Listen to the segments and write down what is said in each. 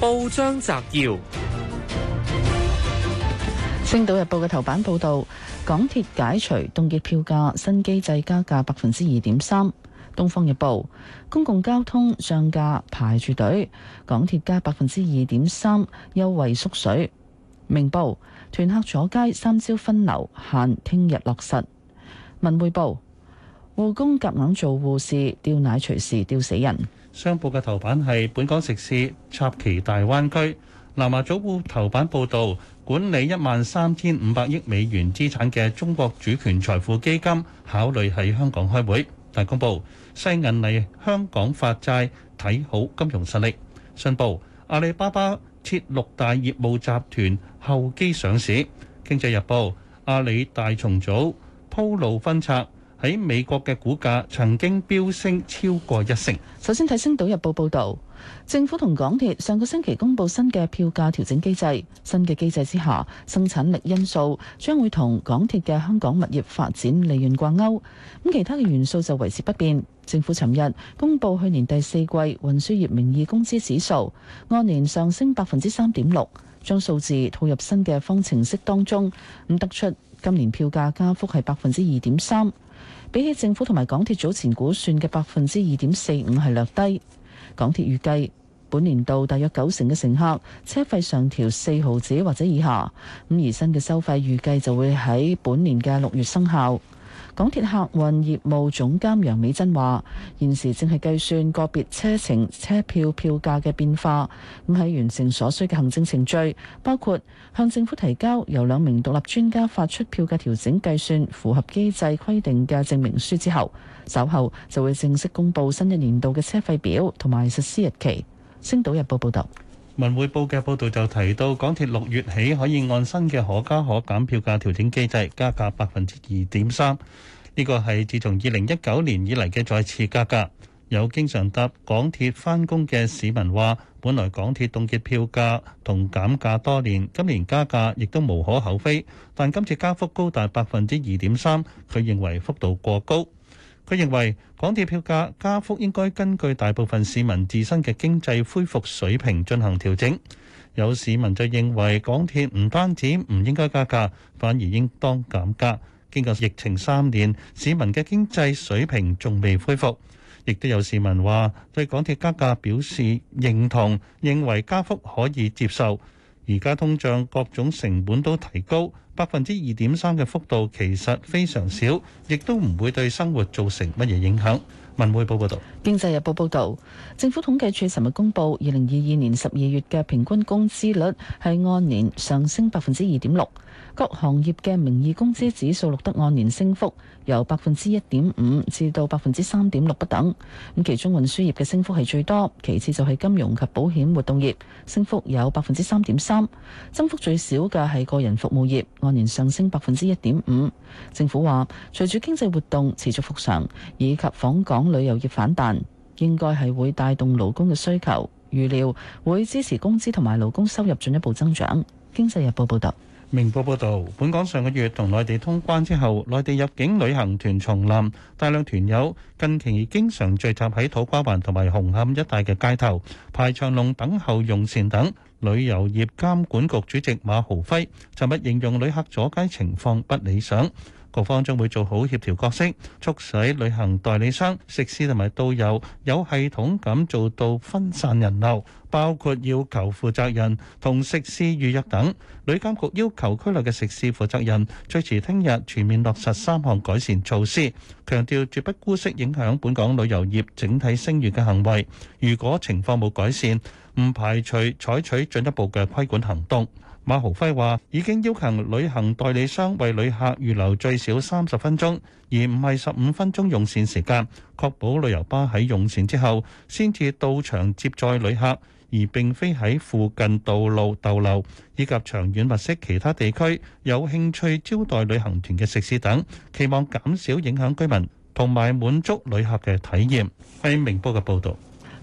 報章摘要：《星島日報》嘅頭版報道，港鐵解除凍結票價新機制，加價百分之二點三。《東方日報》公共交通漲價排住隊，港鐵加百分之二點三，優惠縮水。《明報》團客阻街，三招分流限聽日落實。《文匯報》護工夾硬，硬做護士，吊奶隨時吊死人。商報嘅頭版係本港食肆插旗大灣區。南華早報頭版報道，管理一萬三千五百億美元資產嘅中國主權財富基金考慮喺香港開會。大公報西銀嚟香港發債，睇好金融實力。信報阿里巴巴設六大業務集團，候機上市。經濟日報阿里大重組鋪路分拆喺美國嘅股價曾經飆升超過一成。首先睇《星島日報》報導，政府同港鐵上個星期公布新嘅票價調整機制。新嘅機制之下，生產力因素將會同港鐵嘅香港物業發展利潤掛鈎。咁其他嘅元素就維持不變。政府尋日公布去年第四季運輸業名義工資指數按年上升百分之三點六，將數字套入新嘅方程式當中，咁得出今年票價加幅係百分之二點三。比起政府同埋港鐵早前估算嘅百分之二點四五係略低，港鐵預計本年度大約九成嘅乘客車費上調四毫紙或者以下，咁而新嘅收費預計就會喺本年嘅六月生效。港鐵客運業務總監楊美珍話：現時正係計算個別車程車票票價嘅變化，咁喺完成所需嘅行政程序，包括向政府提交由兩名獨立專家發出票價調整計算符合機制規定嘅證明書之後，稍後就會正式公布新一年度嘅車費表同埋實施日期。星島日報報道。文匯報嘅報道就提到，港鐵六月起可以按新嘅可加可減票價調整機制加價百分之二點三，呢個係自從二零一九年以嚟嘅再次加價。有經常搭港鐵返工嘅市民話，本來港鐵凍結票價同減價多年，今年加價亦都無可厚非，但今次加幅高達百分之二點三，佢認為幅度過高。佢認為港鐵票價加幅應該根據大部分市民自身嘅經濟恢復水平進行調整。有市民就認為港鐵唔單止唔應該加價，反而應當減價。經過疫情三年，市民嘅經濟水平仲未恢復。亦都有市民話對港鐵加價表示認同，認為加幅可以接受。而家通脹各種成本都提高，百分之二點三嘅幅度其實非常少，亦都唔會對生活造成乜嘢影響。文匯報報道：經濟日報報道，政府統計處尋日公布，二零二二年十二月嘅平均工資率係按年上升百分之二點六。各行業嘅名義工資指數錄得按年升幅由，由百分之一點五至到百分之三點六不等。咁其中運輸業嘅升幅係最多，其次就係金融及保險活動業升幅有百分之三點三，增幅最少嘅係個人服務業，按年上升百分之一點五。政府話，隨住經濟活動持續復常，以及訪港旅遊業反彈，應該係會帶動勞工嘅需求，預料會支持工資同埋勞工收入進一步增長。經濟日報報道。明報報導，本港上個月同內地通關之後，內地入境旅行團重臨，大量團友近期經常聚集喺土瓜灣同埋紅磡一帶嘅街頭排長龍等候用膳等。旅遊業監管局主席馬豪輝尋日形容旅客阻街情況不理想。各方將會做好協調角色，促使旅行代理商、食肆同埋導遊有系統咁做到分散人流，包括要求負責人同食肆預約等。旅監局要求區內嘅食肆負責人最遲聽日全面落實三項改善措施，強調絕不姑息影響本港旅遊業整體聲譽嘅行為。如果情況冇改善，唔排除採取進一步嘅規管行動。馬浩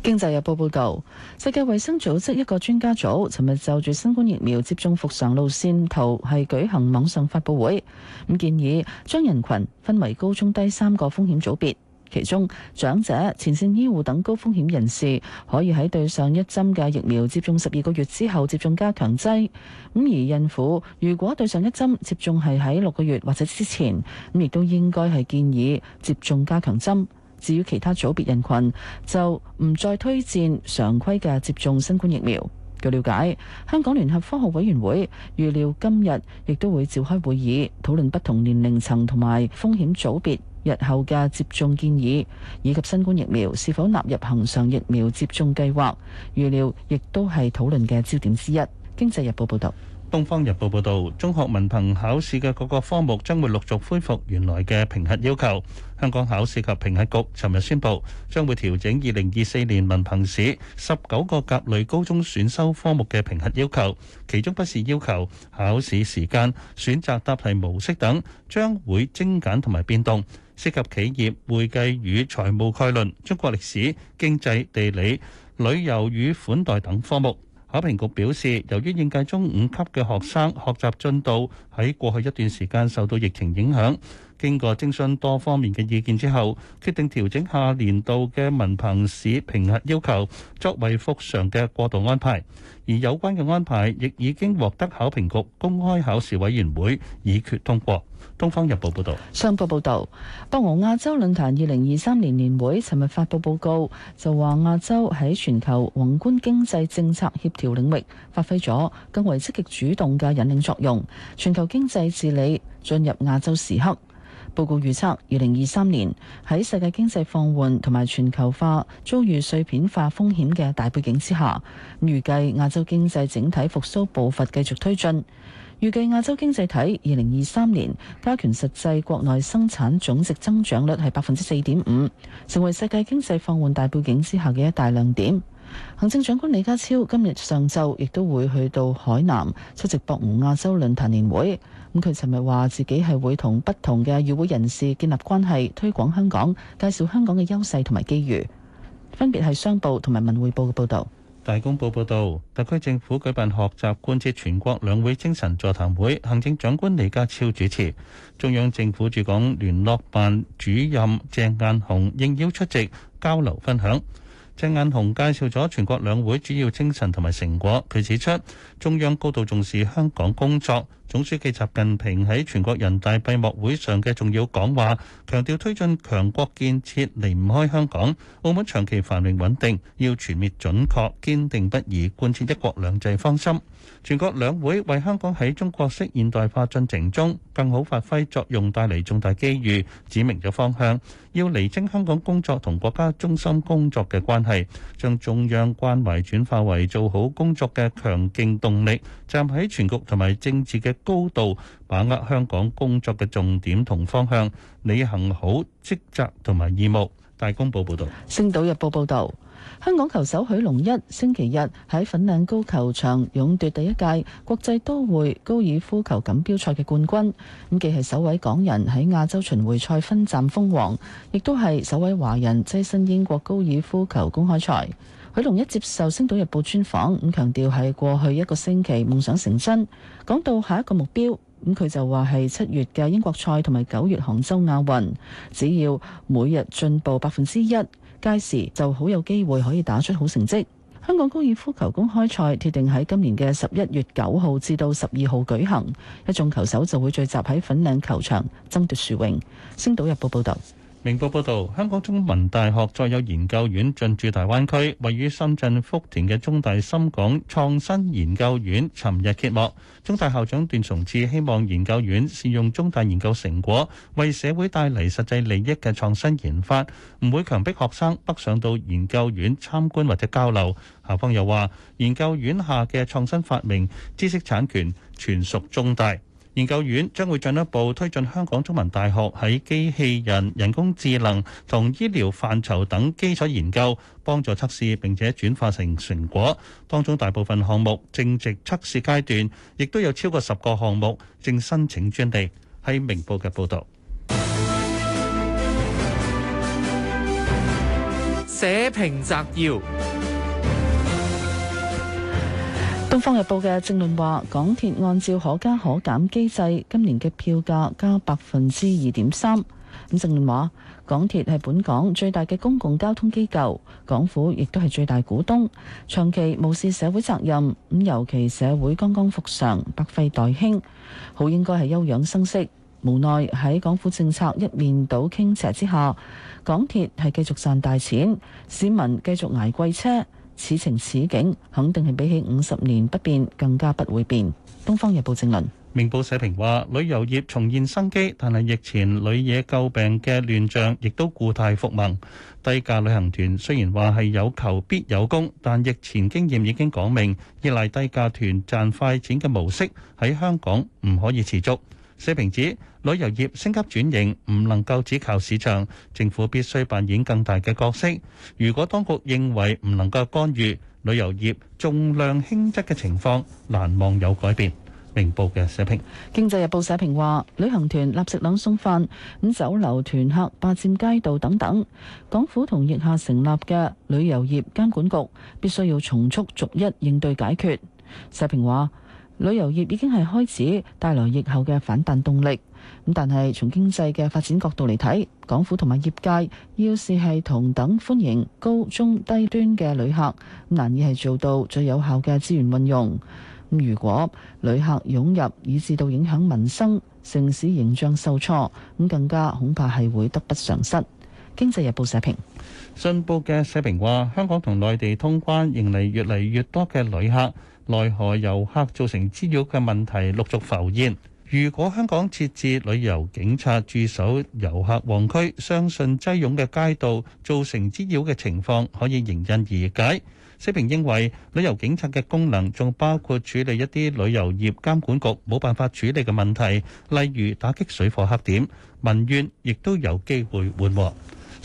經濟日報報導，世界衛生組織一個專家組尋日就住新冠疫苗接種復常路線圖係舉行網上發布會，咁建議將人群分為高中低三個風險組別，其中長者、前線醫護等高風險人士可以喺對上一針嘅疫苗接種十二個月之後接種加強劑，咁而孕婦如果對上一針接種係喺六個月或者之前，咁亦都應該係建議接種加強針。至於其他組別人群，就唔再推薦常規嘅接種新冠疫苗。據了解，香港聯合科學委員會預料今日亦都會召開會議，討論不同年齡層同埋風險組別日後嘅接種建議，以及新冠疫苗是否納入恆常疫苗接種計劃。預料亦都係討論嘅焦點之一。經濟日報報道。東方日報報道,中學文憑考試的各個科目將會陸續恢復原來的評核要求。香港考試及評核局尋日宣布將會調整2024年文憑試19個甲類高中選修科目的評核要求。其中筆試要求,考試時間,選擇答題模式等將會精簡同埋變動,涉及企業,會計與財務概論,中國歷史,經濟,地理,旅遊與款待等科目。考評局表示，由於應屆中五東方日報報道，商報報道，博鰲亞洲論壇二零二三年年會尋日發布報告，就話亞洲喺全球宏觀經濟政策協調領域發揮咗更為積極主動嘅引領作用，全球經濟治理進入亞洲時刻。報告預測，二零二三年喺世界經濟放緩同埋全球化遭遇碎片化風險嘅大背景之下，預計亞洲經濟整體復甦步伐繼續推進。預計亞洲經濟體二零二三年加權實際國內生產總值增長率係百分之四點五，成為世界經濟放緩大背景之下嘅一大亮點。行政長官李家超今日上晝亦都會去到海南出席博鰲亞洲論壇年會。咁佢尋日話自己係會同不同嘅與會人士建立關係，推廣香港，介紹香港嘅優勢同埋機遇。分別係商報同埋文匯報嘅報導。大公報報導，特區政府舉辦學習貫徹全國兩會精神座談會，行政長官李家超主持，中央政府駐港聯絡辦主任鄭雁雄應邀出席交流分享。鄭雁雄介紹咗全國兩會主要精神同埋成果，佢指出中央高度重視香港工作。總書記習近平喺全國人大閉幕會上嘅重要講話強調，推進強國建設離唔開香港澳門長期繁榮穩定，要全面準確堅定不移貫徹一國兩制方針。全國兩會為香港喺中國式現代化進程中更好發揮作用帶嚟重大機遇，指明咗方向。要釐清香港工作同國家中心工作嘅關係，將中央關懷轉化為做好工作嘅強勁動力，站喺全局同埋政治嘅高度把握香港工作嘅重點同方向，履行好職責同埋義務。大公報報導，《星島日報》報道，香港球手許龍一星期日喺粉嶺高球場勇奪第一屆國際都會高爾夫球錦標賽嘅冠軍，咁既係首位港人喺亞洲巡迴賽分站封王，亦都係首位華人躋身英國高爾夫球公開賽。許龍一接受《星島日報》專訪，咁強調喺過去一個星期夢想成真。講到下一個目標，咁佢就話係七月嘅英國賽同埋九月杭州亞運，只要每日進步百分之一，屆時就好有機會可以打出好成績。香港高爾夫球公開賽決定喺今年嘅十一月九號至到十二號舉行，一眾球手就會聚集喺粉嶺球場爭奪殊榮。《星島日報》報道。明報報道，香港中文大學再有研究院進駐大灣區。位於深圳福田嘅中大深港創新研究院尋日揭幕。中大校長段崇智希望研究院善用中大研究成果，為社會帶嚟實際利益嘅創新研發，唔會強迫學生北上到研究院參觀或者交流。校方又話，研究院下嘅創新發明知識產權,權全屬中大。研究院將會進一步推進香港中文大學喺機器人、人工智能同醫療範疇等基礎研究，幫助測試並且轉化成成果。當中大部分項目正值測試階段，亦都有超過十個項目正申請專利。喺明報嘅報導，社評摘要。《東方日報》嘅正論話，港鐵按照可加可減機制，今年嘅票價加百分之二點三。咁正論話，港鐵係本港最大嘅公共交通機構，港府亦都係最大股東，長期無視社會責任。咁尤其社會剛剛復常，百廢待興，好應該係休養生息。無奈喺港府政策一面倒傾斜之下，港鐵係繼續賺大錢，市民繼續捱貴車。此情此景，肯定係比起五十年不變更加不會變。東方日報正論。明報社評話，旅遊業重現生機，但係疫前旅野詬病嘅亂象，亦都故態復萌。低價旅行團雖然話係有求必有功，但疫前經驗已經講明，依賴低價團賺快錢嘅模式喺香港唔可以持續。社評指旅遊業升級轉型唔能夠只靠市場，政府必須扮演更大嘅角色。如果當局認為唔能夠干預旅遊業重量輕質嘅情況，難望有改變。明報嘅社評，《經濟日報》社評話，旅行團立食冷餸飯，咁酒樓團客霸佔街道等等，港府同疫下成立嘅旅遊業監管局必須要從速逐一應對解決。社評話。旅遊業已經係開始帶來疫後嘅反彈動力，咁但係從經濟嘅發展角度嚟睇，港府同埋業界要是係同等歡迎高中低端嘅旅客，難以係做到最有效嘅資源運用。如果旅客湧入，以致到影響民生、城市形象受挫，咁更加恐怕係會得不償失。經濟日報社評，信報嘅社評話，香港同內地通關，迎嚟越嚟越多嘅旅客。奈何遊客造成滋擾嘅問題陸續浮現。如果香港設置旅遊警察駐守遊客旺區，相信擠擁嘅街道造成滋擾嘅情況可以迎刃而解。社評認為旅遊警察嘅功能仲包括處理一啲旅遊業監管局冇辦法處理嘅問題，例如打擊水貨黑點、民怨，亦都有機會緩和。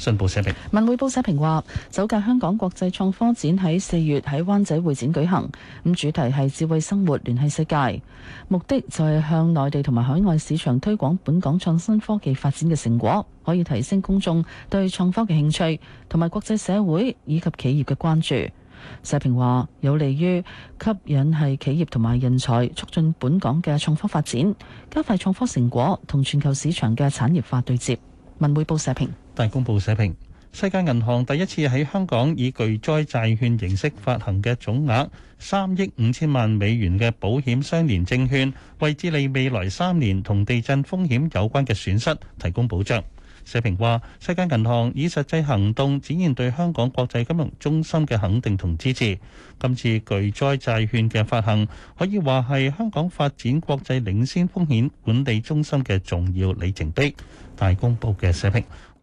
文匯報社評。文匯報社評話，首屆香港國際創科展喺四月喺灣仔會展舉行，咁主題係智慧生活聯繫世界，目的就係向內地同埋海外市場推廣本港創新科技發展嘅成果，可以提升公眾對創科嘅興趣，同埋國際社會以及企業嘅關注。社評話有利於吸引係企業同埋人才，促進本港嘅創科發展，加快創科成果同全球市場嘅產業化對接。文匯報社評。大公報社評：世界銀行第一次喺香港以巨災債券形式發行嘅總額三億五千萬美元嘅保險相連證券，為治理未來三年同地震風險有關嘅損失提供保障。社評話：世界銀行以實際行動展現對香港國際金融中心嘅肯定同支持。今次巨災債券嘅發行可以話係香港發展國際領先風險管理中心嘅重要里程碑。大公報嘅社評。